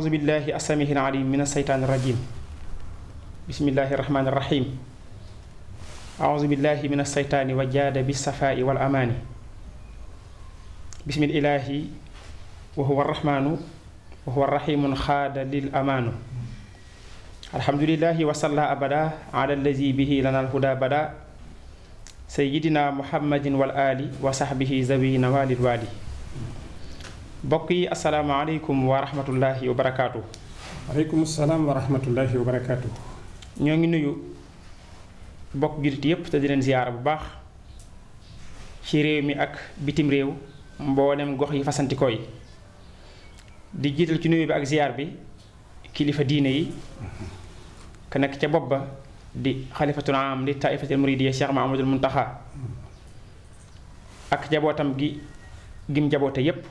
أعوذ بالله السميع العليم من الشيطان الرجيم بسم الله الرحمن الرحيم أعوذ بالله من الشيطان وجاد بالصفاء والأمان بسم الله وهو الرحمن وهو الرحيم خاد للأمان الحمد لله وصلى أبدا على الذي به لنا الهدى بدا سيدنا محمد والآل وصحبه زبي نوال الوالي bokki yi asalaamaaleykum wa rahmatullahi wa barakaatu. waaleykum salaam wa rahmatullahi wa barakaatu. ñoo ngi nuyu bokk jullit yépp te di leen ziyaara bu baax ci réew mi ak bitim réew mboolem gox yi fasantikoo yi di jiital ci nuyu bi ak ziyaar bi kilifa diine yi ka nekk ca bopp di xalifatul am di taifatul muridiya Cheikh Mahamadul Muntaxa ak jabootam gi gim jaboote yépp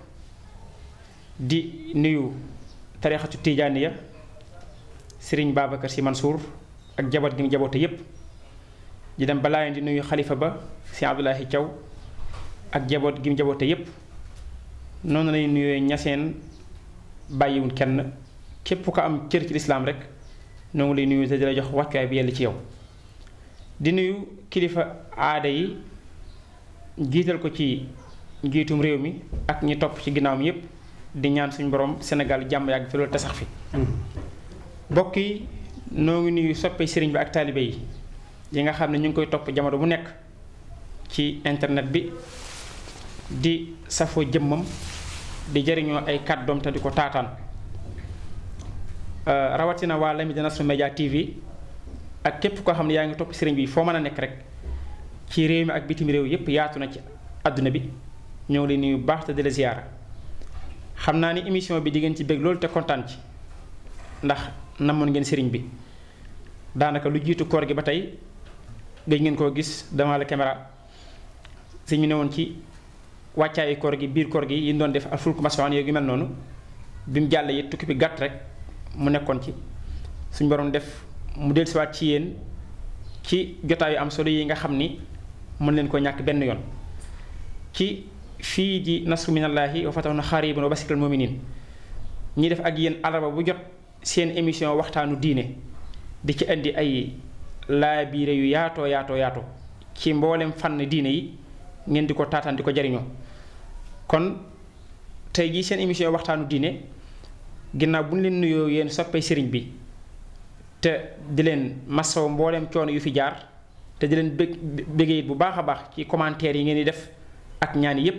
di nuyu tarixatu tijaaniya sëriñ Babacar Sy Mansour ak jaboot gi mu jaboote yépp di dem balaa di nuyu xalifa ba si Abdoulahi Thiaw ak jaboot gi mu jaboote yépp noonu lay nuyoo ñaseen bàyyiwul kenn képp ko am cër ci lislaam rek lay nuyu te di la jox wàccuwaay bi yàlla ci yow di nuyu kilifa aada yi jiital ko ci njiitum réew mi ak ñi topp ci ginnaawam yépp di ñaan suñu borom Sénégal jàmm yàgg fi loolu te fi mbokk yi noo ngi nuyu soppe sëriñ bi ak taalibe yi yi nga xam ñu ngi koy topp jamono bu nekk ci internet bi di safoo jëmmam di jëriñoo ay kàddoom te di ko taataan euh, rawatina waa de Nasrou media TV ak képp koo xam ne yaa ngi topp bi foo mën a nekk rek ci réew mi ak bitim réew yépp yaatu na ci àdduna bi ñoo ngi nuyu baax di la xam naa ni émission bi di ngeen ci bég loolu te kontaan ci ndax namoon ngeen sëriñ bi daanaka lu jiitu koor gi ba tey gëj ngeen koo gis devant la caméra sëñ bi ne woon ci wàccaayu koor gi biir koor gi yi doon def alfulku mason yooyu gi mel noonu bi mu jàll yi tukki bi gàtt rek mu nekkoon ci suñ borom def mu siwaat ci yéen ci jotaay yu am solo yi nga xam ni mën leen koo ñàkk benn yoon ci fii ji nasru minallahi wa fatahun xaribun wa basiril muminin ñi def ak yéen alarba bu jot seen émission waxtaanu diine di ci indi ay laabiire yu yaatoo yaato yaato ci mboolem fànn diine yi ngeen di ko taataan di ko jariñoo kon tey jii seen émission waxtaanu diine ginnaaw bu ñu leen nuyoo yéen soppee sëriñ bi te di leen masaw mboolem coono yu fi jaar te di leen bég bégee bu baax a baax ci commentaire yi ngeen di def ak ñaan yépp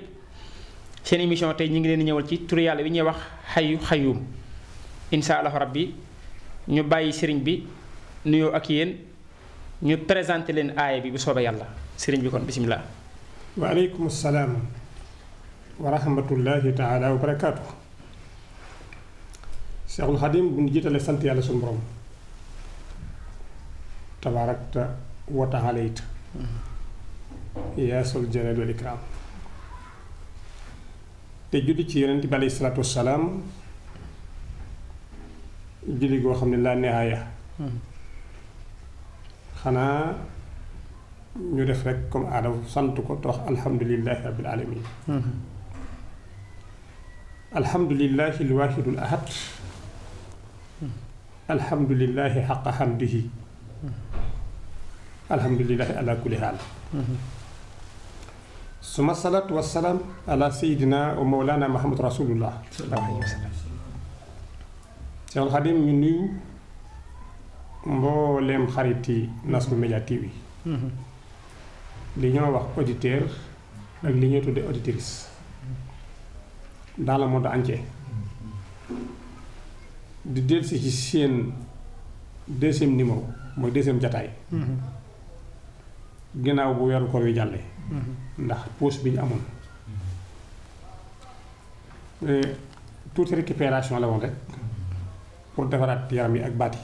seen émission tey ñi ngi leen ñëwal ci turu yàlla bi ñuy wax xayu xayum insha allahu rabbi ñu bàyyi sëriñ bi nuyoo ak yéen ñu présenté leen aaya bi bu soobee yàlla sëriñ bi kon bisimilah. alaykum salaam wa rahmatullahi taala wa barakaatu. Cheikhul Xadim bu ñu jiitale sant yàlla suñu borom tabaarakta wa taala it. Mm-hmm. Ya jalal wal ikram te julli ci yonent bi alayhi salaatu wassalaam julli goo xam ne laa nihaaya hmm. xanaa ñu def rek comme aadama sant ko te wax alhamdulillahi rabbil alamin hmm. alhamdulillahi alwahidul hmm. alhamdulillahi xaqa xamdihi alhamdulillahi suma salaatu wa salaam ala sayyidina wa mawlana Muhammad rasulullah sallallahu alayhi wa sallam Seexul Xadim ñu nuyu mbooleem xariti Nasrul Média TV mm-hmm. li ñoo wax auditeur ak li ñoo tuddee auditrice dans le monde entier di delsi ci seen deuxième numéro mooy deuxième jataay mm-hmm. ginnaaw bu weeru koor wi jàllee mm-hmm. ndax pause bi ñu amoon mm-hmm. eh, tuuti récupération la woon rek pour defaraat yaram yi ak baat yi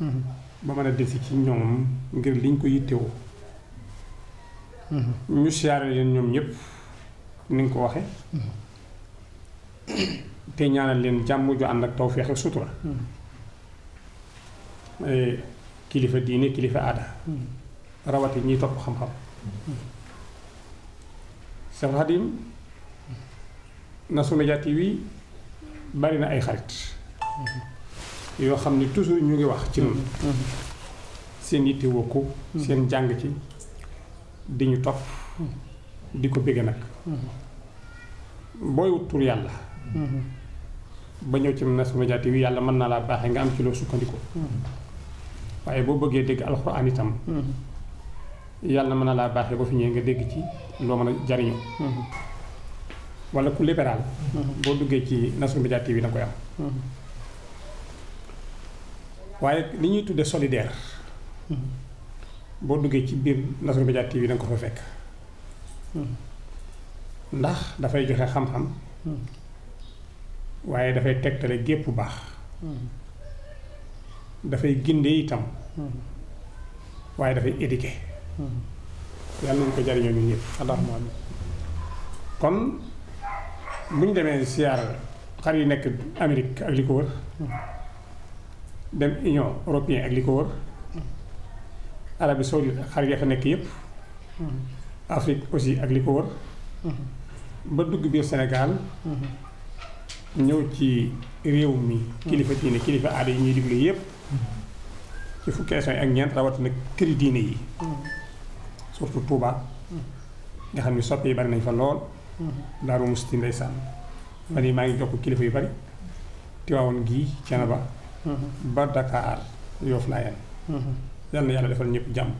mm-hmm. ba mën a delsi ci ñoom ngir liñ ko yittewoo ñu siyaare leen ñoom ñëpp ni nga ko waxee te ñaana leen jàmm ju ànd ak tawféex ak sutura eh, kilifa diine kilifa aada rawati ñi top xam-xam Cheikh Khadim Nasrou media TV bari na ay xarit yo xamni ni toujours ñu ngi wax ci ñun seen yitté woku seen jang ci di ñu topp di ko bégg nag booy tur yalla ba ñew ci Nasrou media TV yalla mën na la baaxee nga am ci lo sukkandiko waye bo bëggee dégg alcorane itam yàlla mën na laa baaxee ba fi ñëwee nga dégg ci loo mën a jariñu mm-hmm. wala ku libéral mm-hmm. boo duggee ci Nasrou Média TV na koy am mm-hmm. waaye li ñuy tudde solidaire boo duggee ci biir Nasrou Média TV da nga ko fa fekk ndax dafay joxe xam-xam waaye dafay tegtale gépp baax dafay ginde itam waaye dafay éduquer yàlla nañ ko jariñoo ñun ñëpp allahumma amin kon bu ñu demee siyaar xar yi nekk Amérique ak li ko wër dem Union européenne ak li Arabie saoudite xar ya fa nekk yëpp Afrique aussi ak li ba dugg biir Sénégal ñëw ci réew mi kilifa diine kilifa aada yi ñuy digle yëpp ci fukki émission yi ak ñeent rawatina këri diine yi surtout Touba. nga xam ne soppe yi bari nañ fa lool. Daaru Musti ndeysaan. man yi maa ngi jokk kilifa yu bari. Tiwaawoon gii Thiénaba. ba Dakar Yoff Layeen. yal na yàlla defal ñëpp jàmm.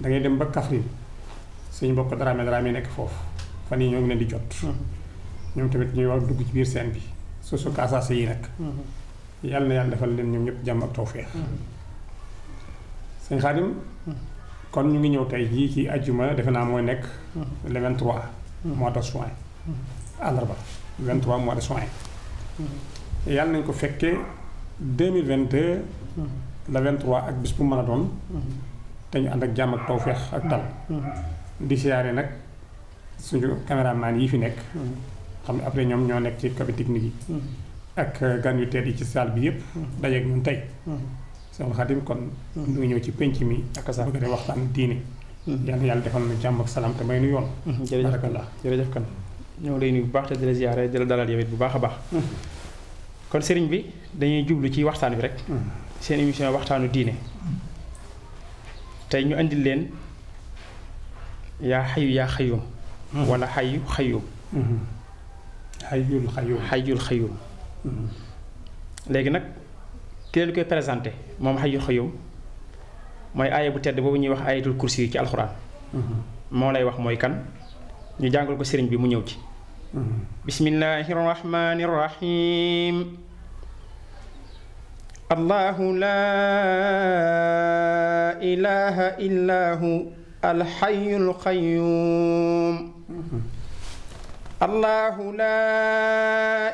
da dem ba Kaffrine suñu mbokk daraame daraame nekk foofu fan yi ñoo ngi leen di jot. ñoom tamit ñuy wax dugg ci biir seen bi su su kaasaase yi nag. yàlla na yàlla defal leen ñoom ñëpp jàmm ak tawféex. sëñ Xaadim kon ñu ngi ñëw tey jii ci ajjuma defe naa mooy nekk le 23 hmm. mois de juin hmm. àllarba 23 mois de juin hmm. yàlla nañ ko fekkee 2022 le 23 ak bis bu mën a doon te ñu ànd ak jàmm ak tawféex ak dal di siyaare nag suñu caméraman yi fi nekk xam ne après ñoom ñoo nekk ci cabine technique yi ak gan yu tedd yi ci salle bi yëpp dajeeg ñun tey sama xadim kon. ñu ngi ñëw ci penc mi. ak sa bëgg a waxtaan diine. Mm-hmm. yal na yàlla defal na jàmm ak salaam te may nu yoon. Mm-hmm. jërëjëf kan jërëjëf kan. ñoo lay nuyu bu baax te di la ziare di la dalal yow it bu baax a baax. Mm-hmm. kon sëriñ bi dañuy jublu ci waxtaan bi rek. seen émission waxtaanu diine. tey ñu andil leen yaa xayu yaa xayum. wala xayu xayum. xayul xayum xayul xayum. léegi nag. te lu koy présenté moom xëy xëyum mooy aaya bu tedd boobu ñuy wax aayatul kursi yi ci alxuraan. moo lay wax mooy kan ñu jàngal ko sëriñ bi mu ñëw ci. bismillahi rahmani rahim. allahu laa ilaha illa hu alxayyul qayyum. الله لا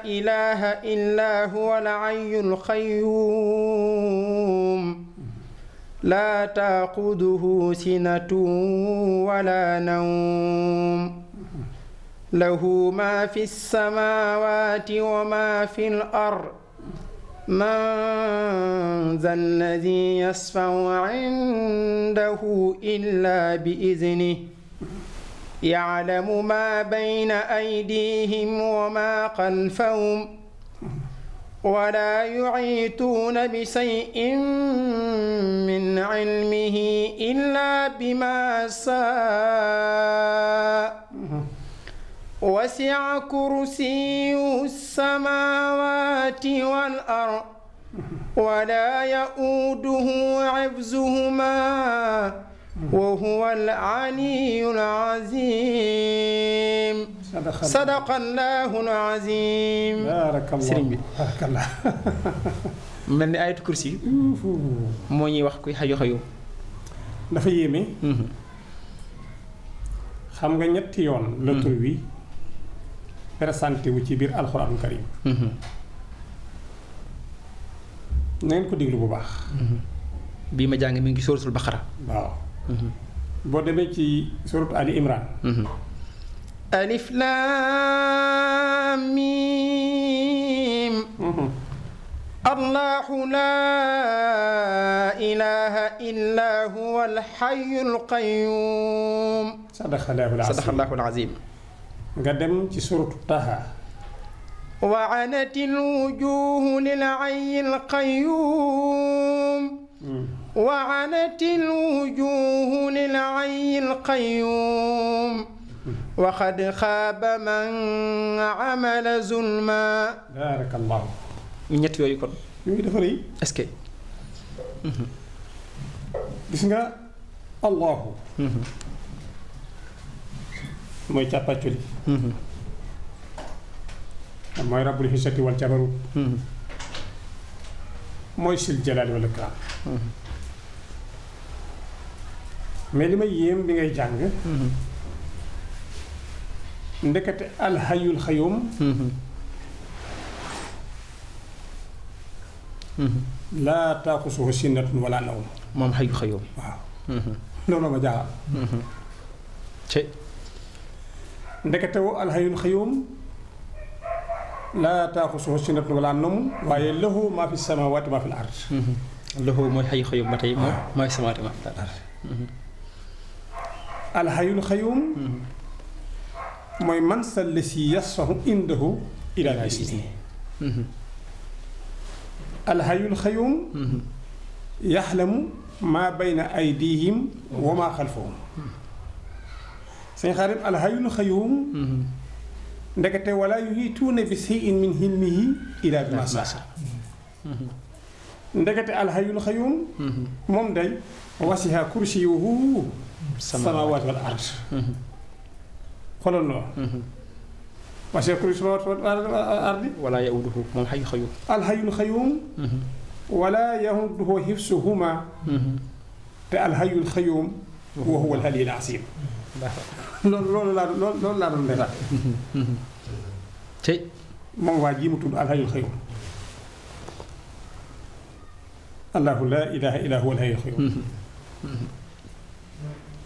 إله إلا هو العي القيوم لا تأخذه سنة ولا نوم له ما في السماوات وما في الأرض من ذا الذي يصفع عنده إلا بإذنه يعلم ما بين أيديهم وما خلفهم ولا يعيتون بشيء من علمه إلا بما ساء وسع كرسيه السماوات والأرض ولا يؤوده حفظهما وهو العلي العظيم صدق الله العظيم بارك الله سيرين بارك الله من آية كرسي موني واخ كوي حاجه خيو دا فا ييمي خمغا نيت يون لا تروي بريسانتي و سي بير القران الكريم نين كو ديغلو بو باخ بيما جانغي ميغي سورة البقره واو Mm-hmm. boo demee ci سوره ال عمران الف لام م الله لا إله إلا هو الحي القيوم صدق الله العظيم صدق الله العظيم قدم في سورة طه وعنت الوجوه للعي القيوم وعنت الوجوه للعي القيوم وقد خاب من عمل ظلما بارك الله نيت يوي كون نيغي ديفري اسكي غيسغا الله موي تاباتولي موي رب الحسات والجبروت موي سيل جلال والاكرام melima yem bi ngay jang hmm ndekati al hayyul khayyum hmm لا تاخذه سنة ولا نوم مام حي خيوم واو نو نو ما جا شي نكتو الحي الخيوم لا تاخذه سنة ولا نوم واي له ما في السماوات وما في الارض له ما حي خيوم متي ما في السماوات وما في الارض alxayul xayuum mooy man sa lesi yasfahu indahu ila bisni alxayul xayuum yaxlamu maa bayna aydihim wa maa xalfahum sëñ xarit alxayul xayuum ndekete wala yuhiituuna bi shay'in min hilmihi ila bi ma saa ndekete alxayul xayuum moom day wasiha kursiyuhu السماوات والأرض خلال ما ما شكر سماوات والأرض ولا يؤوده من حي خيوم الحي الخيوم ولا يهده حفظهما الحي الخيوم وهو الهلي العظيم لا لا لا لا لا doon leeral. tey. moom waa ji mu لا alhayul xayum. allahu laa ilaha illa huwa alhayul xayum.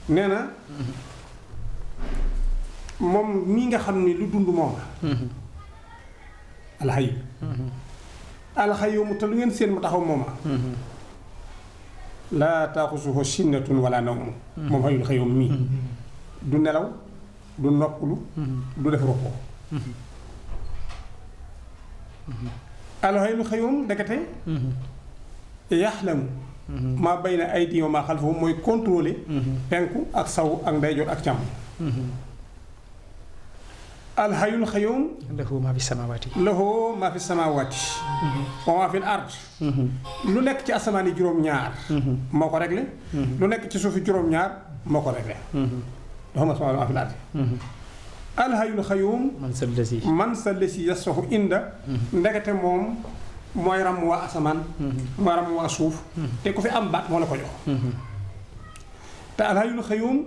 nee na moom mii nga xam ne lu dund moom la alxayu alxayu mu te lu ngeen seen mu taxaw mooma laa taaxusuhu sinnatun wala nawmu moom xayul xayum mii du nelaw du noppalu du def roppoo alxayul xayum ndekete yaxlamu maa bay na ay diima maa xalfahum mooy contrôler penku ak saw ak ndeyjoor ak càmm alxayul xayoom lahu maa fi samawaati lahu maa fi samawaati wa maa fi ard lu nekk ci asamaan yi juróom-ñaar moo ko réglé lu nekk ci suufi juróom-ñaar moo ko réglé lahu maa fi samawaati wa maa fi ard alxayul xayoom man sa lesi man sa lesi yasahu inda ndekete moom mooy ram waa asamaan mooy ram waa suuf te ku fi am bat mo la ko jox ta te alhayyul xayyuum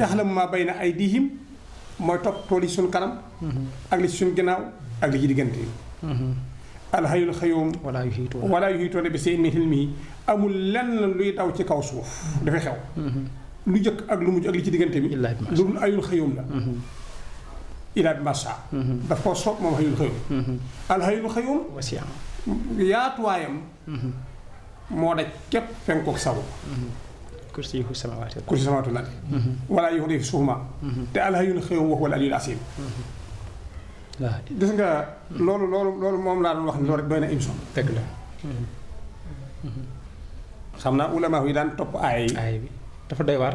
yaxlamu ma bayna aydihim moy top toli suñ kanam ak li suñ ginaaw ak li ci diggante yi wala yuhitu wala yuhitu bi sayyid min ilmihi amul lan luy taw ci kaw suuf dafay xew lu jëkk ak lu mu ak li ci digante bi lu ayul xayyuum la ilaa bi masaa daf koo soob moom hayul xayum alhayul xayum yaatuwaayam moo mhm. daj képp fenkoog sabu mhm. kursi kursiyu samawati kursi samawati lal mhm. wala yuhdi fi suhuma te al hayyul khayyum wa huwa al aliyyul asim gis nga loolu loolu loolu moom laa doon wax ni loolu rek doy na émission dëgg la xam naa ulama yi daan topp aay yi dafa doy war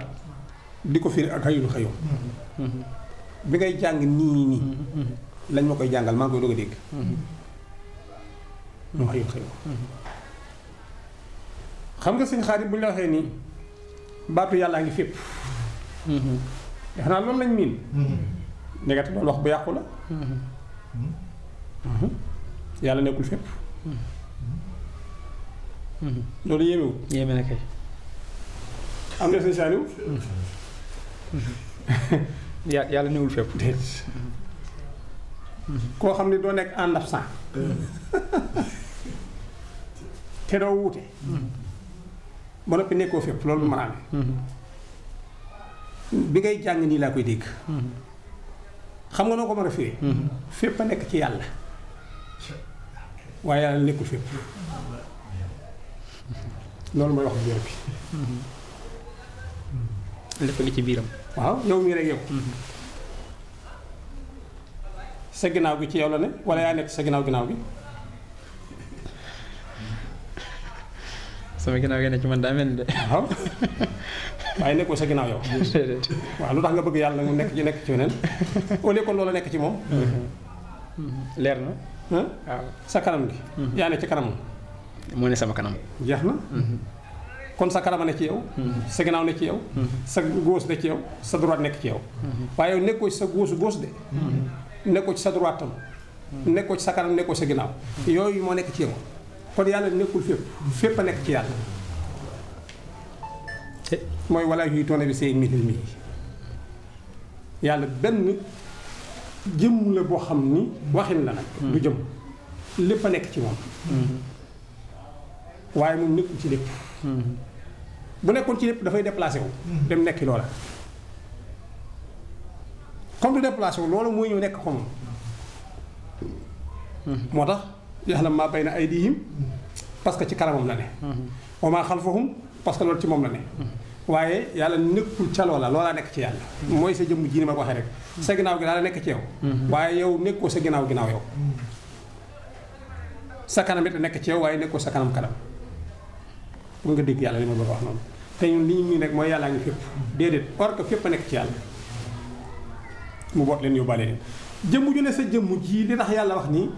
di ko firi ak hayyul khayyum bi ngay jàng nii nii lañ ma koy jàngal maa ngi koy doog a dégg moo xëy xëy xam nga suñu xarit bu ñu la waxee nii baatu yàllaa ngi fépp defe naa loolu lañ miin nekkati loolu wax bu yàqu la yàlla nekkul fépp loolu yéemewul yéeme na kay am na suñu saaniw yàlla newul fépp koo xam ne doo nekk en absent te doo wuute ba mm-hmm. noppi nekkoo fépp loolu lu mën mm-hmm. bi ngay jàng nii laa koy dégg mm-hmm. xam nga noo ko mën a firi fépp a nekk ci yàlla waaye yàlla nekkul fépp loolu mooy wax biir bi lépp ngi ci biiram waaw yow mii rek yow sa ginnaaw gi ci yow ne wala yaa nekk sa ginnaaw ginnaaw gi sama ginnaaw gi ne ci man daa mel ni de. waaw waaye nekkoo sa ginnaaw yow. waaw lu tax nga bëgg yàlla mu nekk ci nekk ci weneen au lieu kon loola nekk ci moom. Mm-hmm. Mm-hmm. leer na. sa kanam gi. Mm-hmm. yaa ne ci kanam. moo ne sama kanam. jeex na. kon sa kanam ne ci yow. sa ginnaaw ne ci yow. sa goos ne ci yow sa droite nekk ci yow. waaye nekkoo ci sa góosu góos de. nekkoo ci sa droite nekkoo ci sa kanam nekkoo ci sa yooyu moo nekk ci yow. kon yàlla nekkul fépp fépp a nekk ci yàlla eh. mooy walaa yuy toona bi say milil mi yàlla benn jëmm la boo xam ni waxin la nag mm-hmm. du jëm lépp a nekk ci moom mm-hmm. waaye moom nekkul ci lépp mm-hmm. bu nekkoon ci lépp dafay déplacé wu dem nekki loola comme du déplacé wu loola mooy ñëw nekk xomam moo tax ma bay na ay parce que ci kanamam la ne wa maa xalfahum parce que loolu ci moom la ne waaye yàlla nekkul ca loola loola nekk ci yàlla mooy sa jëmm jii ma waxee rek sa ginnaaw gi daal nekk ci yow waaye yow nekkoo sa ginnaaw ginnaaw yow nekk ci yow waaye nekkoo sa kanam kanam pour dégg yàlla li ma bëgg wax noonu te ñun li rek mooy yàllaa ngi fépp déedéet or que fépp nekk ci yàlla mu boot leen ji li tax yàlla wax nii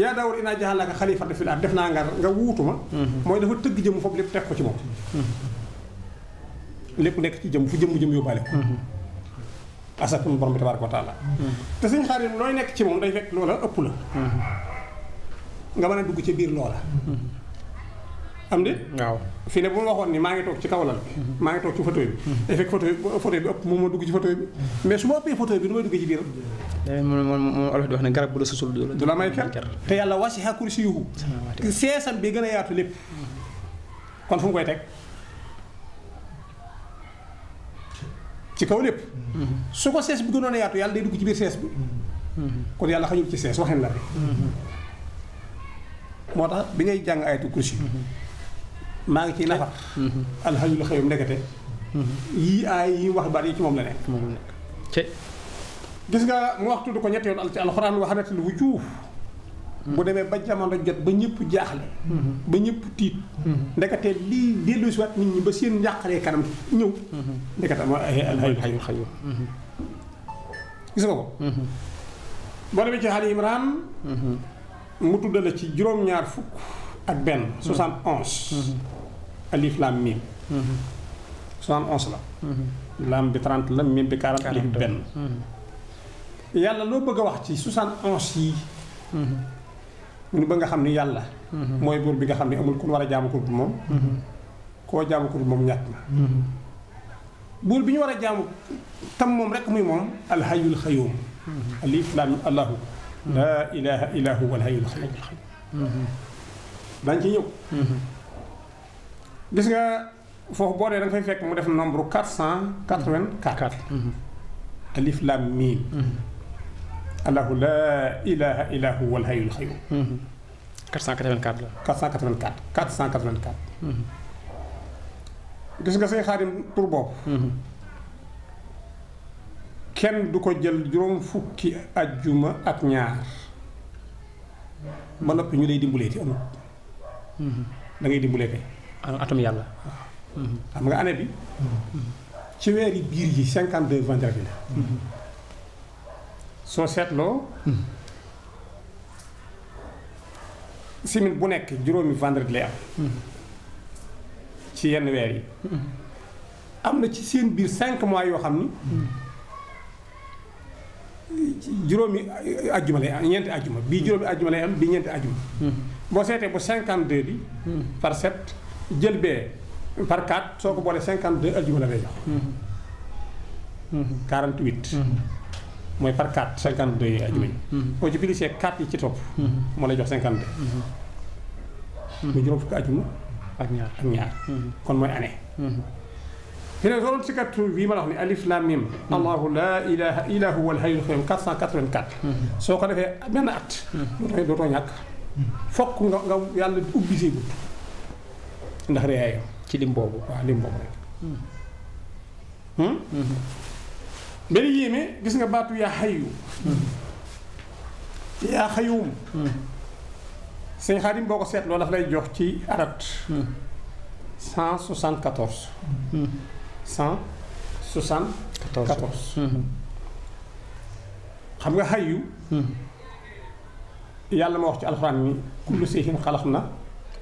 yaa daawar inaa jaxalaka xalifata fil ard def naa nga nga wuutu ma mhm. mooy dafa tëgg jëm foofu lépp teg ko ci moom mhm. lépp nekk ci jëm fu jëm jëm yóbbaale ko mhm. asakun borom bi tabaraka ko taala te suñ xaar looy nekk ci moom day fekk loola ëpp la nga mën a dugg ci biir loola am de waaw fii ne bu ma waxoon ni maa ngi toog ci kaw lal bi mhm. maa ngi toog ci fauteuil bi mhm. et fekk fauteuil fauteuil bi ëpp moom ma dugg ci fauteuil bi mhm. mais su ma ëppee fauteuil bi nu may duggee ci biir eh, moom olof di wax ne garab bu la seesam bi gën a yaatu lépp kon fu mu koy teg ci kaw lépp su ko sees bi gënoon a yaatu yàlla day dugg ci biir sees bi kon yàlla xañul ci sees waxin la rek moo tax bi ngay jàng ayatul kursi maa ngi ciy nafar. Mm-hmm. alhamdulilah xëyum ndekete. Mm-hmm. yii aay yi wax bari ci moom la nekk. moom la nekk gis nga mu wax tudd ko ñetti yoon ci alxuraan waxanet lu wujuuf bu mm-hmm. demee ba jamono jot ba ñépp jaaxle. ba ñëpp tiit. ndekete lii dellu si waat nit ñi ba seen njàqaree kanam ñëw. ndekete am ay alhayyul hayyul gis nga ko. boo demee ci Al Imran. mu tudd ci juróom-ñaar fukk ak benn. soixante onze. الف لام ميم سان اونس لا لام ب 30 لام ميم ب 40 الف بن يالا لو بغا واخ سي 71 سي من بغا خامني يالا موي بور بيغا خامني امول كون ورا جامو كول موم كو جامو كول موم نياتنا بول بي ورا جامو تام موم رك موي موم الحي الخيوم الف لام الله لا اله الا هو الحي الخيوم دانجي نيو gis nga fofu boo dee da nga fay fekk mu def nombre 484 mhm. alif lam mim mhm. allah la ilaha illa huwa alhayyul qayyum 484 mhm. la 484 484 gis nga say xaadim pour boobu ken du ko jël juroom fukki aljuma ak ñaar ba nopi ñu lay dimbulee ti amul da ngay dimbulé kay atom yalla xam nga année bi ci wéri bir yi 52 vendredi la soo seetloo simin bu nek juromi vendredi lay am ci yenn wéri yi am ci seen bir 5 mois yo xamni juromi aljuma lay am ñeenti ajjuma bii juróomi ajjuma lay am bi ñent aljuma bo sété bu 52 bi par 7 jël bee par 4 soo ko boolee 52 aljuma la mm-hmm. Mm-hmm. Mm-hmm. lay jox. 48. mooy par 4 52 yi aljuma yi. ci bilisee 4 jox 52. mu juróom fukki aljuma ak kon mooy année. fi ne bii ma la wax ni alif lam soo ko defee benn at. dootoo dootoo ñàkk. fokk nga nga yàlla ubbi see gudd. ndax reyaayam ci lim boobu waaw lim boobu rek hmm. Hmm? Hmm. benn yéeme gis nga baatu yaa xayu yaa xayuum sëñ Xaadim boo ko seetloo daf lay jox ci arat 174 xam nga xayu yàlla ma wax ci alxuraan ni kullu shay'in xalaq na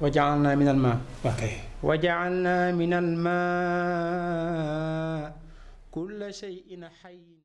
وجعلنا من الماء okay. وجعلنا من الماء كل شيء حي